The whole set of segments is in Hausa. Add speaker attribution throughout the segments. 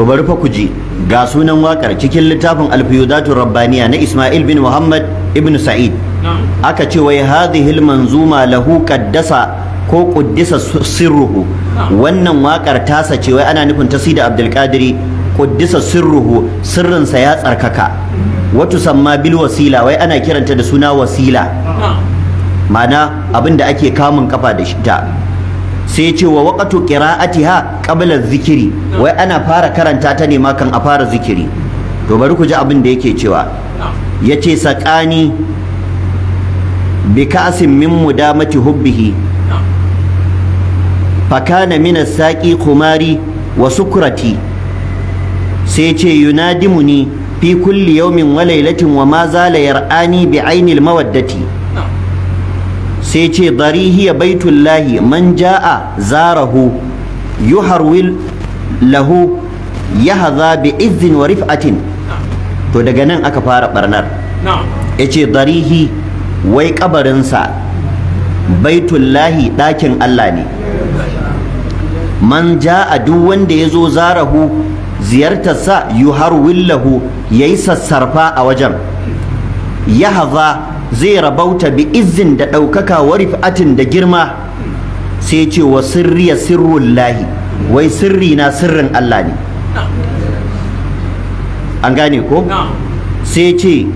Speaker 1: to bari fa ku ji ga sunan wakar cikin littafin alfiyudatu rabbaniya na Ismail bin Muhammad ibn Sa'id aka ce wai hadhihi almanzuma lahu qaddasa ko quddisa sirruhu wannan wakar ta sace wai ana nufin tasida Abdul Qadiri quddisa sirruhu sirrinsa ya tsarkaka wato samma bil wasila wai ana kiranta da suna wasila ma'ana abinda ake kamun kafa da shi sai ce wa waqatu qira'atiha qabla zikiri wai ana fara karanta ta ne ma kan a fara zikiri to bari ku ji abin da yake cewa yace sakani bi ka'sin min mudamati hubbihi fakana min as-saqi Kumari wa sukrati sai ce yunadimuni fi kulli yawmin wa laylatin wa ma zala yar'ani bi 'ainil mawaddati sai ce darihiya baitullahi man ja'a zarahu yuharwil lahu haza bi izin wa rif'atin to daga nan aka fara barnar yace darihi wai kabarinsa baitullahi ɗakin Allah ne man ja'a duk wanda ya zo zarahu ziyartarsa yuharwil lahu yi sassarfa a wajen Ya haza. zai rabauta bi izin da ɗaukaka wa rifatin da girma sai ce wa sirri ya sirrun lahi wai sirri na sirrin Allah ne an gane ko sai ce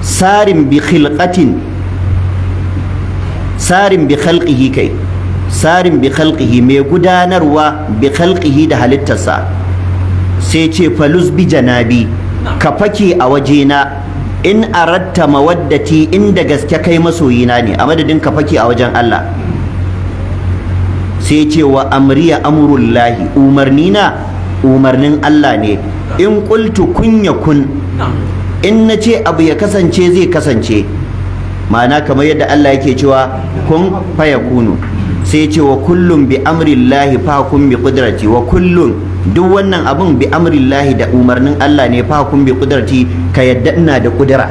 Speaker 1: sarin bi khilqatin sarin bi khalqihi kai sarin bi khalqihi mai gudanarwa bi khalqihi da halittarsa sai ce falus bi janabi ka fake a waje na. in aratta mawaddati inda gaske kai masoyina ne a madadin ka faki a wajen Allah sai ce wa amriya amrullahi umarnina umarnin Allah ne in qultu kun yakun in nace abu ya kasance zai kasance ma'ana kamar yadda Allah yake cewa kun fayakunu sai ce wa kullum bi amrillahi fa kun bi qudrati wa kullum duk wannan abin bi amrillahi da umarnin Allah ne fa kun bi kudarti ka yadda ina da kudura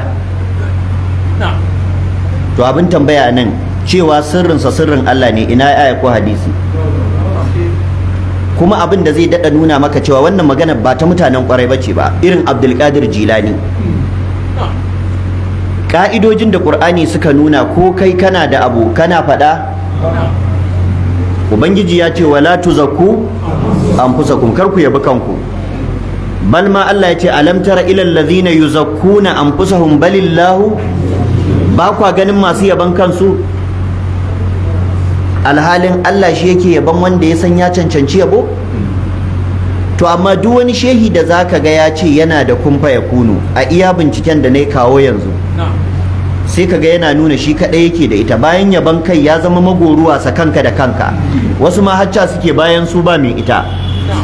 Speaker 1: to abin tambaya nan cewa sirrinsa sirrin Allah ne ina aya ko hadisi kuma abin da zai dada nuna maka cewa wannan magana ba ta mutanen kwarai bace ba irin Abdulkadir Jilani ka'idojin da Qur'ani suka nuna ko kai kana da abu kana faɗa Ubangiji ya ce wala tuzakku anfusakum kar ku yabi kanku bal ma Allah ya ce alam tara ilal ladina yuzakkuna anfusahum balillahu ba kwa ganin masu yaban kansu alhalin Allah shi yake yaban wanda ya san ya cancanci yabo to amma duk wani shehi da zaka ga ya ce yana da kumfa ya kunu a iya binciken da na kawo yanzu sai ka ga yana nuna shi kadai yake da ita bayan yaban kai ya zama magoruwa sa kanka da kanka wasu ma hacca suke bayan su ba mai ita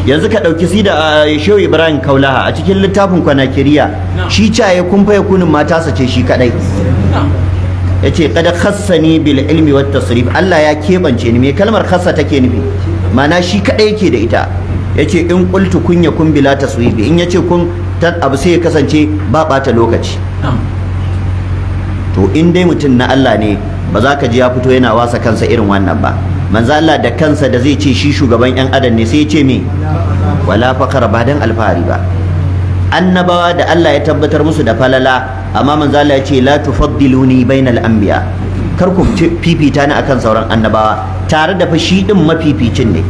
Speaker 1: yanzu ka ɗauki Sida da shehu ibrahim kaulaha a cikin littafin kwanakiriya shi caye kun faya kunin mata ce shi kadai ya ce kada khassani bil ilmi wat tasrif Allah ya kebance ni me kalmar khassa take nufi mana shi kadai yake da ita ya ce in qultu kun kun bila taswibi in yace kun abu sai ya kasance ba bata lokaci to in dai mutum na Allah ne ba za ka ji ya fito yana wasa kansa irin wannan ba manzo Allah da kansa da zai ce shi shugaban yan adam ne sai ya ce me wala faqara ba dan alfahari ba annabawa da Allah ya tabbatar musu da falala amma manzo Allah ya ce la tufaddiluni bainal anbiya kar ku fifita ni akan sauran annabawa tare da fashi din mafificin ne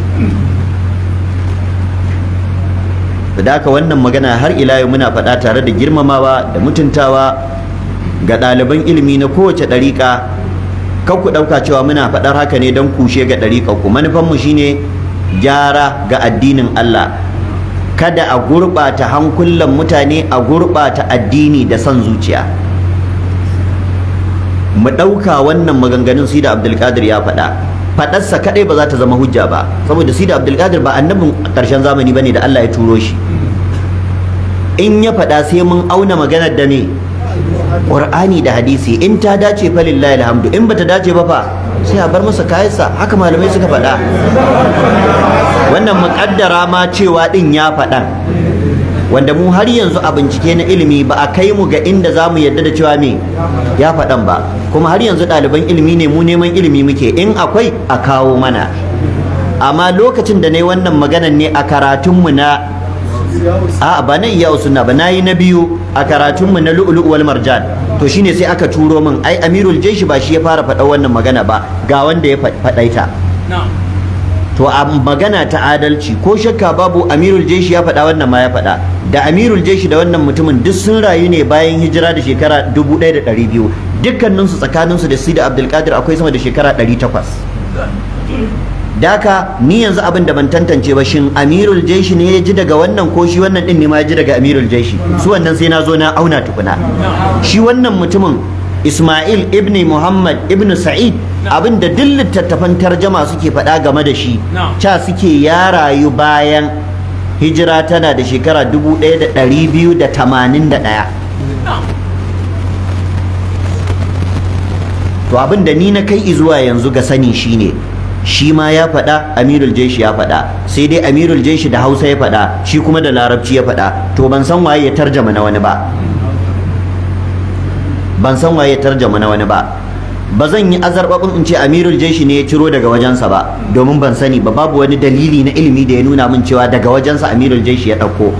Speaker 1: da wannan magana har ila yau muna faɗa tare da girmamawa da mutuntawa ga ɗaliban ilimi na kowace ɗariƙa kar ku ɗauka cewa muna faɗar haka ne don kushe ga ɗari manufan manufanmu shine gyara ga addinin Allah kada a gurɓata hankulan mutane a gurɓata addini da son zuciya mu ɗauka wannan maganganun sida abdulkadir ya faɗa faɗarsa kaɗai ba za ta zama hujja ba saboda sida abdulkadir ba annabin ƙarshen zamani ba ne da Allah ya turo shi in ya faɗa sai mun auna maganar da ne qur'ani da hadisi in ta dace fa lillahi alhamdu in bata dace ba fa sai a bar masa kayansa haka malamai suka faɗa wannan muƙaddara ma cewa din ya faɗan wanda mu har yanzu a bincike na ilimi ba a kai mu ga inda za mu yarda da cewa me ya faɗan ba kuma har yanzu ɗaliban ilimi ne mu neman ilimi muke in akwai a kawo mana amma lokacin da na wannan maganan ne a karatunmu na a ba na iya usunna ba na yi na biyu a karatunmu mu na lu'ulu'u wal marjan to shine sai aka turo min ai amirul jaishi ba shi ya fara faɗa wannan magana ba ga wanda ya faɗaita to a magana ta adalci ko shakka babu amirul jeshi ya faɗa wannan ma ya faɗa da amirul jeshi da wannan mutumin duk sun rayu ne bayan hijira da shekara 1200 dukkaninsu tsakaninsu da sida abdulkadir akwai sama da shekara 800 daka ni yanzu abin da ban tantance ba shin amirul jaishi ne ya ji daga wannan ko shi wannan din ne ma ya ji daga amirul jaishi su wannan sai na zo na auna tukuna shi wannan mutumin Ismail ibn Muhammad ibn Sa'id abin da duk littattafan tarjama suke faɗa game da shi cha suke ya rayu bayan hijira tana da shekara 1281 to abin da ni na kai zuwa yanzu ga sani shine shi ma ya faɗa amirul jeshi ya faɗa sai dai amirul jeshi da hausa ya faɗa shi kuma da larabci ya faɗa to ban san waye ya tarjama na wani ba ban san waye ya tarjama na wani ba ba zan yi azarbabin in ce amirul jeshi ne ya ciro daga wajensa ba domin ban sani ba babu wani dalili na ilimi da ya nuna min cewa daga wajensa amirul jeshi ya ɗauko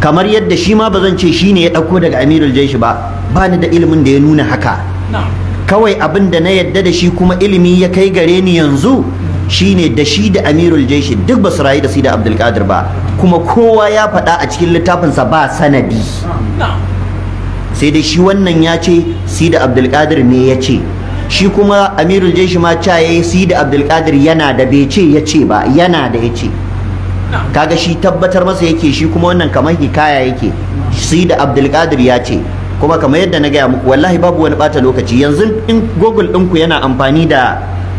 Speaker 1: kamar yadda shi ma ba zan ce shi ne ya ɗauko daga amirul jeshi ba ba ni da ilimin da ya nuna haka kawai abin da na yadda da shi kuma ilimi ya kai gare ni yanzu shine da shi da amirul jaishi duk basu rayu da sida abdul qadir ba kuma kowa ya faɗa a cikin littafin sa ba sanadi sai dai shi wannan ya ce sida abdul qadir ne ya ce shi kuma amirul jaishi ma ca yayi sida abdul qadir yana da bai ce ya ce ba yana da ya ce kaga shi tabbatar masa yake shi kuma wannan kamar hikaya yake sida abdul qadir ya ce kuma kamar yadda na gaya muku wallahi babu wani bata lokaci yanzu in google ɗinku yana amfani da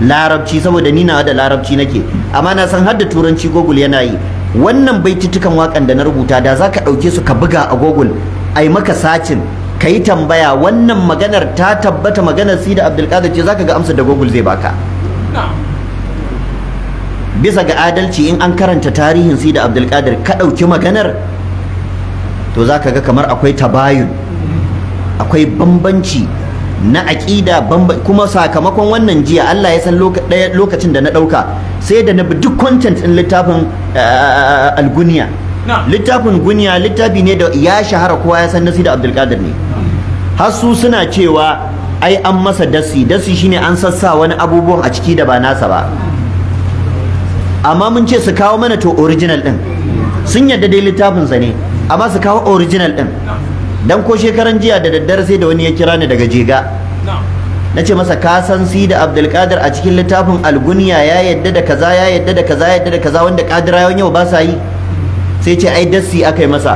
Speaker 1: larabci saboda ni na da larabci nake amma na san har da turanci google yana yi wannan baitutukan wakan da na rubuta da za ka ɗauke su ka buga a google ai maka sacin ka yi tambaya wannan maganar ta tabbata maganar si da abdulkadir ce za ka ga amsa da google zai baka bisa ga adalci in an karanta tarihin si da abdulkadir ka ɗauki maganar to za ka ga kamar akwai tabayun akwai bambanci na aƙida kuma sakamakon wannan jiya Allah ya san lokacin da na ɗauka sai da na bi duk content ɗin littafin eh, eh, alguniya littafin guniya littafi ne da ya shahara kowa ya san nasi da abdulkadir ne har su suna cewa ai an masa dasi dasi shine an sassa wani abubuwan a ciki da ba nasa ba amma mun ce su kawo mana to original ɗin sun yadda dai littafin sa ne amma su kawo original din. dan ko shekaran jiya da daddare sai da wani ya kira ni daga jega na ce masa ka san si da abdulkadir a cikin littafin alguniya ya yadda da kaza ya yadda da kaza ya yadda da kaza wanda kadirawan yau ba sa yi sai ce ai dassi aka yi masa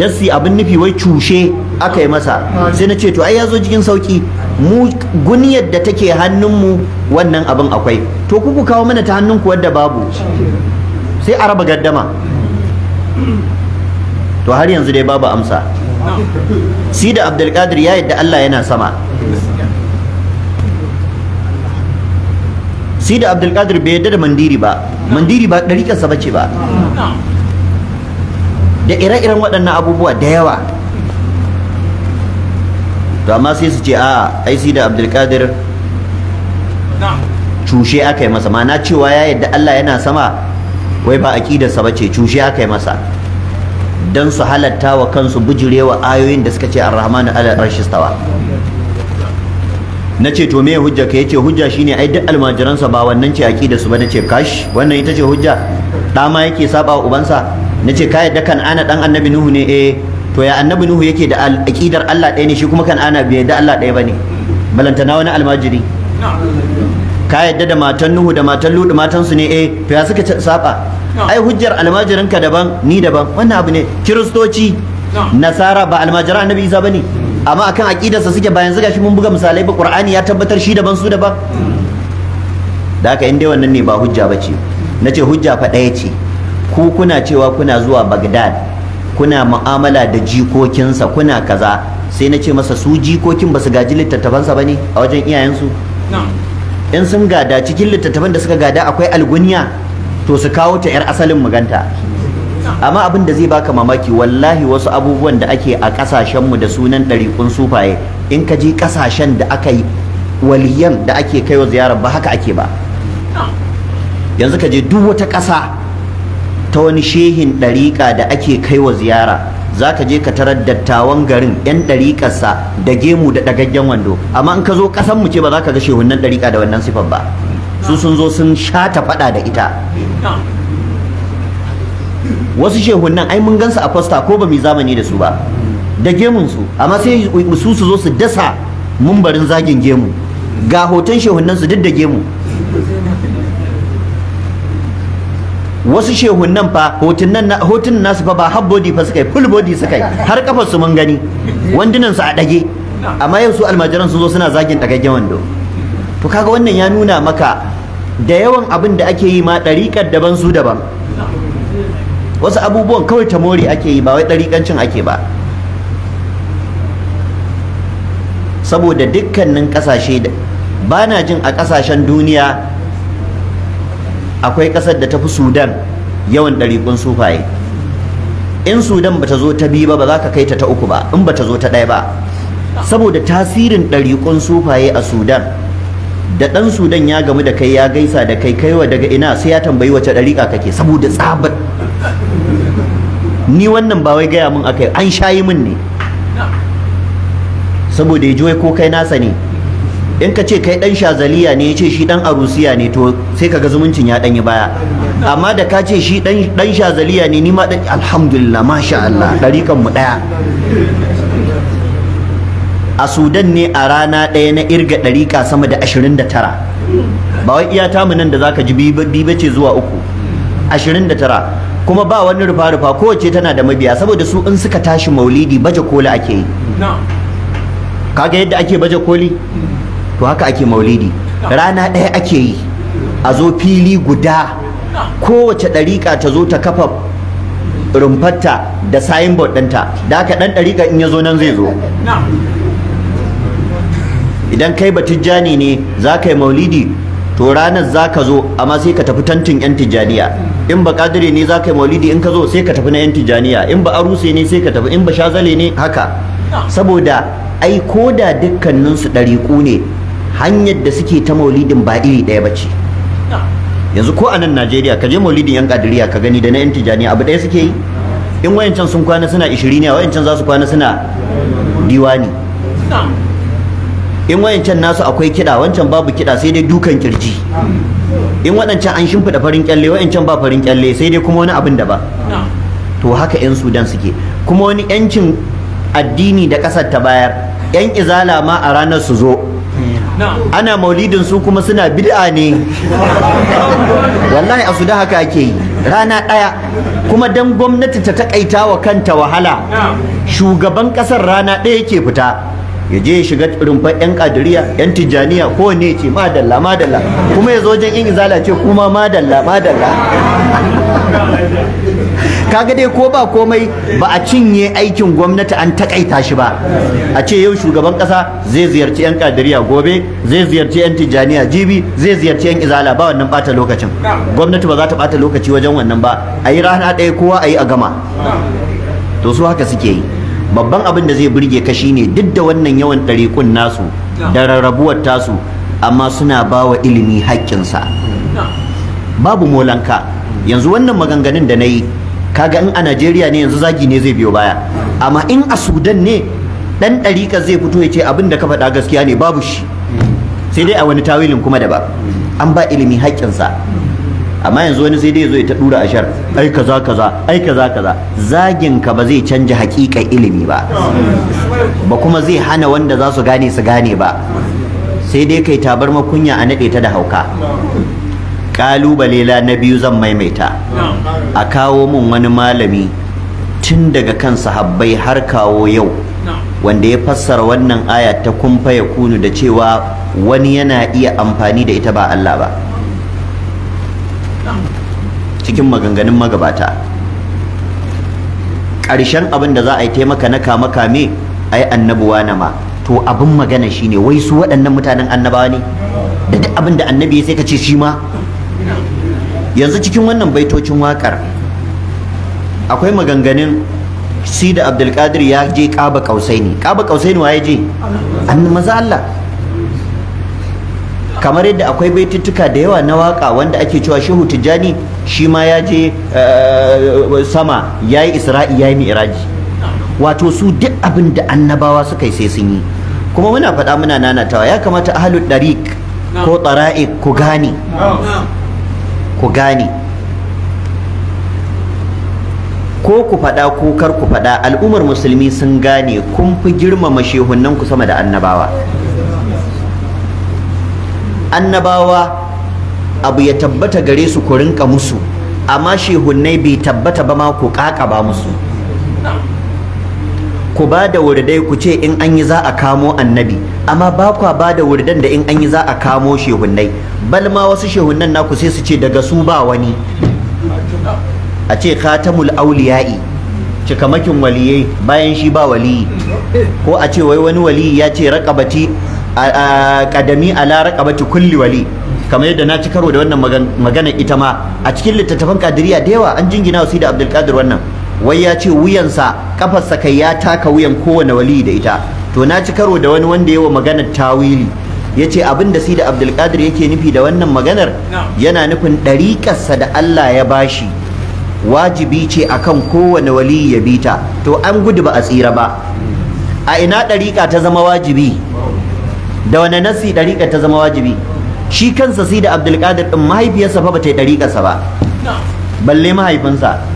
Speaker 1: dassi abin nufi wai cushe aka yi masa sai na ce to ai ya zo cikin sauki mu guniyar da take mu wannan abin akwai to ku ku kawo mana ta hannunku wadda babu sai a raba gaddama to har yanzu dai babu amsa sida abdulkadir ya yadda Allah yana sama sida abdulkadir bai yadda da mandiri ba mandiri ba ɗariƙarsa bace ba da ire-iren waɗannan abubuwa da yawa to amma sai su ce a ai sida abdulkadir cushe aka yi masa ma'ana cewa ya yadda Allah yana sama wai ba aƙidarsa bace cushe aka yi masa don su halatta wa kansu bujurewa ayoyin da suka ce ar-rahmanu ala Rashistawa. na ce to me hujja ka yace hujja shine ai duk almajiransa ba wannan ce aqida su ba nace kash wannan ita ce hujja da ma yake saba wa ubansa nace ka yadda kan ana dan annabi nuhu ne eh to ya annabi nuhu yake da aqidar Allah ɗaya ne shi kuma kan ana bai da Allah ɗaya bane balantana wani almajiri ka yadda da matan Nuhu da matan Lutu matan su ne eh to ya suka saba ai hujjar almajiranka daban ni daban wannan abu ne kiristoci nasara ba almajiran annabi Isa bane mm. amma akan aqidarsa suke bayan zuga shi mun buga misalai ba Qur'ani ya tabbatar shi daban su daban mm. da haka in wannan ne ba hujja bace nace hujja fa daya ce ku kuna cewa kuna zuwa Bagdad kuna mu'amala da jikokinsa kuna kaza sai nace masa su jikokin ba su gaji littattafansa bane a wajen iyayensu na'am in sun gada cikin littattafan da suka gada akwai algunya to su kawo ta 'yar asalin maganta amma abin da zai baka mamaki wallahi wasu abubuwan da ake a kasashenmu da sunan ɗariƙun sufaye in ka je kasashen da aka yi waliyan da ake kaiwa ziyara ba haka ake ba yanzu ka je duk wata ƙasa ta wani shehin ɗariƙa da ake kaiwa ziyara za ka je ka tarar dattawan garin yan ɗariƙarsa da gemu da ɗagaggen wando amma in ka zo ƙasan mu ce ba za ka ga shehunnan ɗariƙa da wannan sifar ba su sun zo sun shata faɗa da ita wasu shehunnan ai mun gansu a fasta ko ba mu zamani da su ba da gemun su amma sai su su zo su dasa mumbarin zagin gemu ga hoton shehunnan su duk da gemu wasu shehunan fa hotunan hotun nasu fa ba half body fa suka yi full body suka yi har kafar su mun gani wandunan su a dage amma yau su almajiran sun zo suna zagin dagaggen wando to kaga wannan ya nuna maka da yawan abin da ake yi ma dariƙar daban su daban wasu abubuwan kawai ta more ake yi ba wai dariƙancin ake ba saboda dukkanin ƙasashe ba na jin a ƙasashen duniya akwai ƙasar da ta fi sudan yawan ɗariƙun sufaye in sudan ba ta zo ta biyu ba ba za ka kai ta ta uku ba in ba ta zo ta ɗaya ba saboda tasirin ɗariƙun sufaye a sudan da ɗan sudan ya gamu da kai ya gaisa da kai kaiwa daga ina sai ya tambayi wace ɗariƙa kake saboda tsabar ni wannan ba wai gaya min akai an shayi min ne saboda ya ko kai nasa ne in ka ce kai dan shazaliya ne ya ce shi dan arusiya ne to sai ka ga zumuncin ya danyi baya amma da ka ce shi dan shazaliya ne ni ma dan alhamdulillah masha Allah ɗarikan mu ɗaya. a Sudan ne a rana ɗaya na irga ɗariƙa sama da 29 ba wai iya tamu nan da zaka ji biba ce zuwa uku 29 kuma ba wani rufa-rufa kowace tana da mabiya saboda su in suka tashi maulidi baje koli ake yi kaga yadda ake baje koli to haka ake maulidi rana ɗaya ake yi a zo fili guda kowace ɗariƙa ta zo ta kafa rumfarta da signboard ɗinta da aka ɗan ɗariƙa in ya zo nan zai zo idan kai ba tijjani ne za ka yi maulidi to ranar za ka zo amma sai ka tafi tantin 'yan tijjaniya in ba kadire ne za ka yi maulidi in ka zo sai ka tafi na 'yan tijjaniya in ba aruse ne sai ka tafi in ba shazale ne haka saboda ai ko da dukkaninsu ɗariƙu ne hanyar da suke ta maulidin ba iri ɗaya ba ce yanzu ko a nan najeriya ka je maulidin yan kadiriya ka gani da na yan tijani abu ɗaya suke yi in wayancan sun kwana suna ishirin ne wayancan za su kwana suna diwani in wayancan nasu akwai kiɗa wancan babu kiɗa sai dai dukan kirji in waɗancan an shimfiɗa farin kyalle wayancan ba farin kyalle sai dai kuma wani abin da ba to haka yan sudan suke kuma wani yancin addini da ƙasar ta bayar yan izala ma a ranar su zo ana maulidin su kuma suna bid'a ne wallahi a su da haka ake yi rana ɗaya kuma dan gwamnati ta takaita wa kanta wahala shugaban ƙasar rana ɗaya yake fita ya je ya shiga rumfar yan kadiriya yan tijjaniya ne ce madalla madalla kuma ya zo wajen yin izala ce kuma madalla madalla kaga dai ko ba komai ba a cinye aikin gwamnati an takaita shi ba a ce yau shugaban kasa zai ziyarci yan kadiriya gobe zai ziyarci yan tijaniya jibi zai ziyarci yan izala ba wannan bata lokacin gwamnati ba za ta bata lokaci wajen wannan ba a yi rana ɗaya kowa a yi a gama to su haka suke yi babban abin da zai burge ka shine duk da wannan yawan ɗariƙun nasu da rarrabuwar tasu amma suna ba wa ilimi haƙƙinsa babu molanka yanzu wannan maganganun da na yi kaga in a Najeriya ne yanzu zagi ne zai biyo baya amma in a Sudan ne dan ɗarika zai fito ya ce abin da ka faɗa gaskiya ne babu shi sai dai a wani tawilin kuma da ba an ba ilimi haƙƙinsa amma yanzu wani sai dai ya zo ya ta dura ashar ai kaza kaza ai kaza kaza zagin ka ba zai canja hakika ilimi ba ba kuma zai hana wanda za su gane su gane ba sai dai kai tabar makunya a naɗe ta da hauka kalubale la na biyu zan maimaita a kawo min wani malami tun daga kan sahabbai har kawo yau wanda ya fassara wannan aya ta kumfa ya kunu da cewa wani yana iya amfani da ita ba Allah ba cikin maganganun magabata ƙarshen abin da za a yi taimaka na kama kame a yi annabuwa na ma to abin magana shine wai su waɗannan mutanen annabawa ne da duk abin da annabi ya sai ka ce shi ma yanzu cikin wannan baitocin wakar akwai maganganun si da abdulkadir ya je kaba kausaini kaba kausaini waye je maza Allah kamar yadda akwai baituttuka da yawa na waka wanda ake cewa shehu tijani shi ma ya je eh, sama ya yi isra'i ya yi mi'raji wato su duk abin da annabawa suka yi sai sun yi kuma muna faɗa muna nanatawa ya kamata ahlul dariq ko tsara'iq ku gane ku gane ko ku faɗa ko kar ku faɗa al'ummar musulmi sun gane kun fi girmama shehunnan ku sama da annabawa annabawa abu ya tabbata gare su ku rinka musu amma shehunnai bai tabbata ba ma ku ƙaƙaba musu ku ba da wurdai ku ce in an yi za a kamo annabi amma ba kwa ba da wurdan da in an yi za a kamo shehunnai bal ma wasu shehunnan naku sai su ce daga su ba wani a ce khatamul auliya'i cikamakin waliyai bayan shi ba waliyi ko a ce wai wani waliyi ya ce a kadami ala raƙabati kulli wali kamar yadda na ci karo da wannan magana ita ma a cikin littattafan kadiriya da yawa an jingina wasu da abdulkadir wannan wai ya ce wuyansa kafarsa kai ya taka wuyan kowane wali da ita to na ci karo da wani wanda ya yawa maganar tawili ya ce abin da sida abdulkadir yake nufi da wannan maganar yana nufin ɗariƙarsa da allah ya bashi wajibi ce akan kowane wali ya bi ta to an gudu ba a tsira ba a ina ɗariƙa ta zama wajibi da wani nasi ɗariƙa ta zama wajibi shi kansa sida abdulkadir ɗin mahaifiyarsa fa ba ta yi ɗariƙarsa ba balle mahaifinsa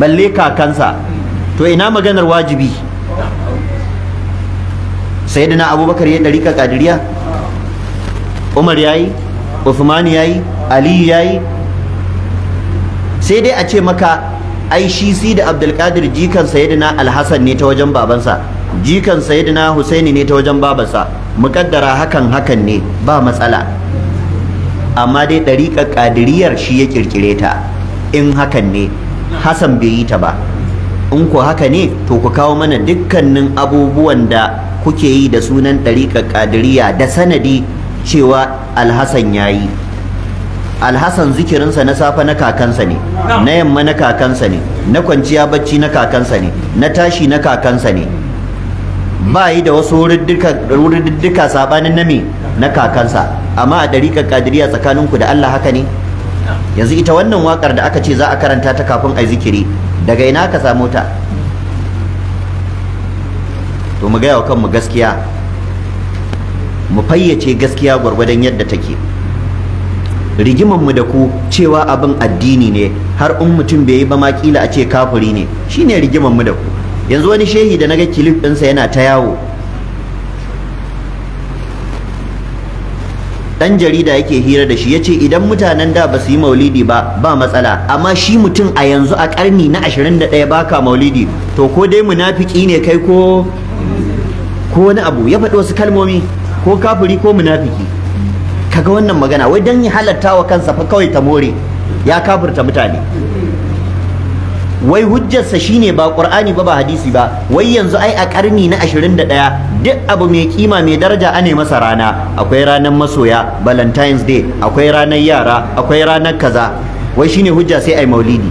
Speaker 1: balle kakansa to ina maganar wajibi sayyidina abubakar ya ka kadiriya umar yayi usman yayi ali yayi sai dai a ce maka ai shi si da abdulkadir jikan sayyidina alhassan ne ta wajen babansa jikan sayyidina husaini ne ta wajen babansa mukaddara hakan hakan ne ba matsala amma dai ɗariƙar ƙadiriyar shi ya ƙirƙire ta in hakan ne Hassan bai yi ta ba in ku haka ne to ku kawo mana dukkanin abubuwan da kuke yi da sunan ɗariƙar ƙadiriya da sanadi cewa alhassan ya yi alhassan zikirinsa na safe na kakansa ne na yamma na kakansa ne na kwanciya bacci na kakansa ne na tashi na kakansa ne ba yi da wasu wurin duka sabanin na na kakansa amma a ɗariƙar ƙadiriya tsakaninku da Allah haka ne yanzu ita wannan wakar da aka ce za a karanta ta kafin a zikiri daga ina ka samu ta to mu gaya wa kanmu gaskiya mu fayyace gaskiya gwargwadon yadda take rigiman mu da ku cewa abin addini ne har in mutum bai yi ba ma kila a ce kafiri ne shine rigiman mu da ku yanzu wani shehi da naga kilif ɗinsa yana ta yawo dan jarida yake hira da shi yace idan mutanen da ba su yi maulidi ba ba matsala amma shi mutum a yanzu a karni na 21 baka maulidi to ko dai munafiki ne kai ko ko wani abu ya faɗi wasu kalmomi ko kafiri ko munafiki kaga wannan magana wai dan ya halatta wa kansa fa kawai ta more ya kafirta mutane wai hujjarsa shine ba ƙur'ani ba ba hadisi ba wai yanzu ai a karni na 21 duk abu mai kima mai daraja ane masa rana akwai ranar masoya valentines day akwai ranar yara akwai ranar kaza wai shine hujja sai ai maulidi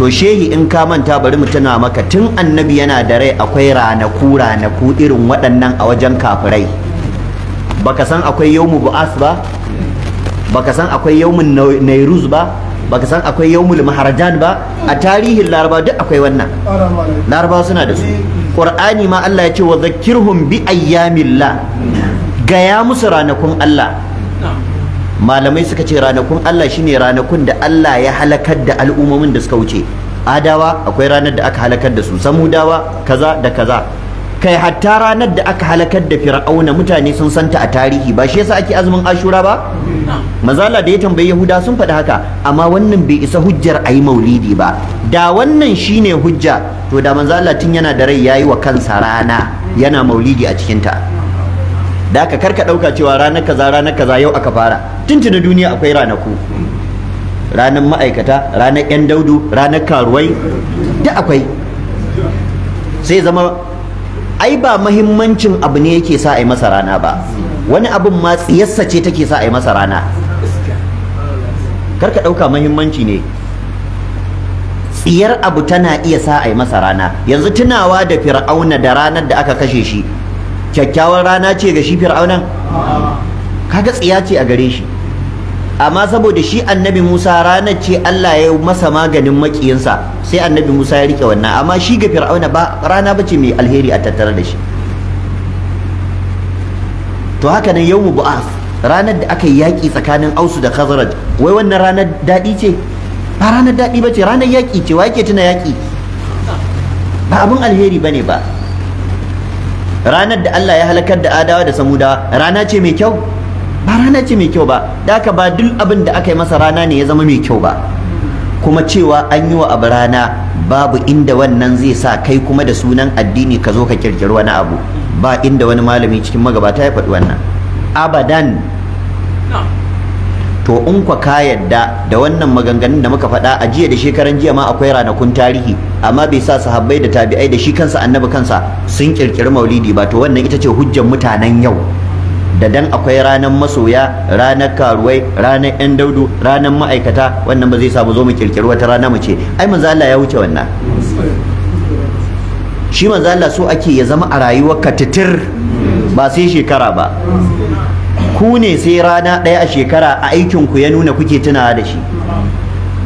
Speaker 1: to shehi in ka manta bari mu tuna maka tun annabi yana da rai akwai ranaku ranaku irin waɗannan a wajen kafirai baka san akwai yawmu bu'as ba baka san akwai yawmun nairuz ba baka san akwai yawmul maharajan ba a tarihin laraba duk akwai wannan laraba suna da su qur'ani ma Allah ya ce wa zakkirhum bi ayyamillah gaya musu ranakun Allah malamai suka ce ranakun Allah shine ranakun da Allah ya halakar da al'ummomin da suka wuce adawa akwai ranar da aka halakar da su samudawa kaza da kaza kai hatta ranar da aka halakar da fir'auna mutane sun santa a tarihi ba shi yasa ake azumin ashura ba mazala da ya tambayi yahuda sun faɗi haka amma wannan bai isa hujjar ayi maulidi ba da wannan shine hujja to da Allah tun yana da rai yayi wa kansa rana yana maulidi a cikin ta da ka karka dauka cewa ranar kaza ranar kaza yau aka fara tuntuna duniya akwai ranaku ranar ma'aikata ranar yan daudu ranar karuwai da akwai sai zama ai ba mahimmancin abu ne yake sa a yi masa rana ba wani abin ma tsiyassa ce take sa a yi masa rana karka ɗauka mahimmanci ne tsiyar abu tana iya sa a yi masa rana yanzu tunawa da fir'auna da ranar da aka kashe shi kyakkyawar rana ce ga shi fir'aunan kaga tsiya ce a gare shi amma saboda shi annabi Musa ranar ce Allah ya masa maganin makiyinsa sai annabi Musa ya rike wannan amma shi ga fir'auna ba rana bace mai alheri a tattare da shi to haka nan yawmu bu'as ranar da aka yi yaƙi tsakanin ausu da khazraj wai wannan ranar daɗi ce ba ranar daɗi ba ce ranar yaƙi ce wa yake tuna yaƙi ba abin alheri ba ne ba ranar da Allah ya halakar da adawa da samudawa rana ce mai kyau ba rana ce mai kyau ba da ka ba duk abin da aka yi masa rana ne ya zama mai kyau ba kuma cewa an yi wa abu rana babu inda wannan zai sa kai kuma da sunan addini ka zo ka kirkiri wani abu ba inda wani malami cikin magabata ya faɗi wannan abadan to in kwa ka yadda da wannan maganganun da muka faɗa a jiya da shekaran jiya ma akwai ranakun tarihi amma bai sa sahabbai da tabi'ai da shi kansa annabi kansa sun kirkiri maulidi ba to wannan ita ce hujjar mutanen yau da dan akwai ranar masoya ranar karuwai ranar yan daudu ranar ma'aikata wannan ba zai sa mu zo mu kirkiri wata rana mu ce ai manzo Allah ya wuce wannan shi manzo Allah so ake ya zama a rayuwarka titir ba sai shekara ba ku ne sai rana ɗaya a shekara a aikin ku ya nuna kuke tunawa da shi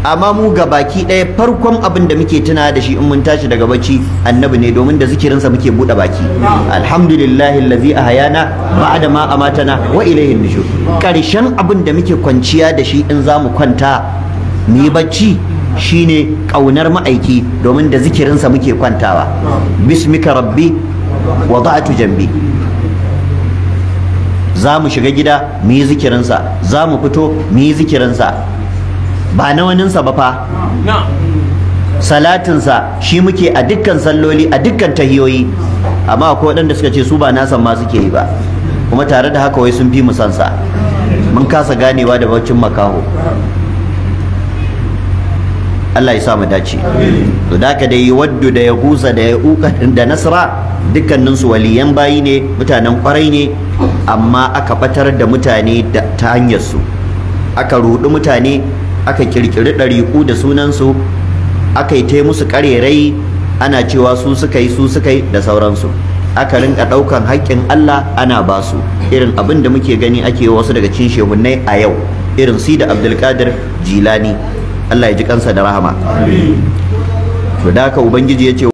Speaker 1: amma mu ga baki ɗaya farkon abin da muke tunawa da shi in mun tashi daga bacci annabi ne domin da zikirinsa muke buɗe baki alhamdulillahi allazi ahayana ba'da ma amatana wa ilayhi nushur karshen abin da muke kwanciya da shi in zamu kwanta mu bacci shine kaunar ma'aiki domin da zikirinsa muke kwantawa bismika rabbi wada'tu jambi za mu shiga gida mu yi zikirinsa za mu fito mu yi zikirinsa ba na waninsa ba fa salatinsa shi muke a dukkan salloli a dukkan tahiyoyi amma akwai waɗanda suka ce su ba nasan ma suke yi ba kuma tare da haka wai sun fi mu sansa mun kasa ganewa da bacin makaho Allah ya sa mu dace to da ka dai waddu da yahuza da yauka da nasra dukkaninsu waliyan bayi ne mutanen kwarai ne amma aka batar da mutane ta hanyar su. aka rudu mutane aka kirkiri ɗariƙu da sunansu aka yi ta musu ƙarerai ana cewa su suka yi su suka yi da sauransu aka rinka ɗaukan haƙƙin Allah ana ba su irin abin da muke gani ake wasu daga cin shehunnai a yau irin si da Abdulkadir Jilani Allah ya ji kansa da rahama to da haka
Speaker 2: ubangiji ya ce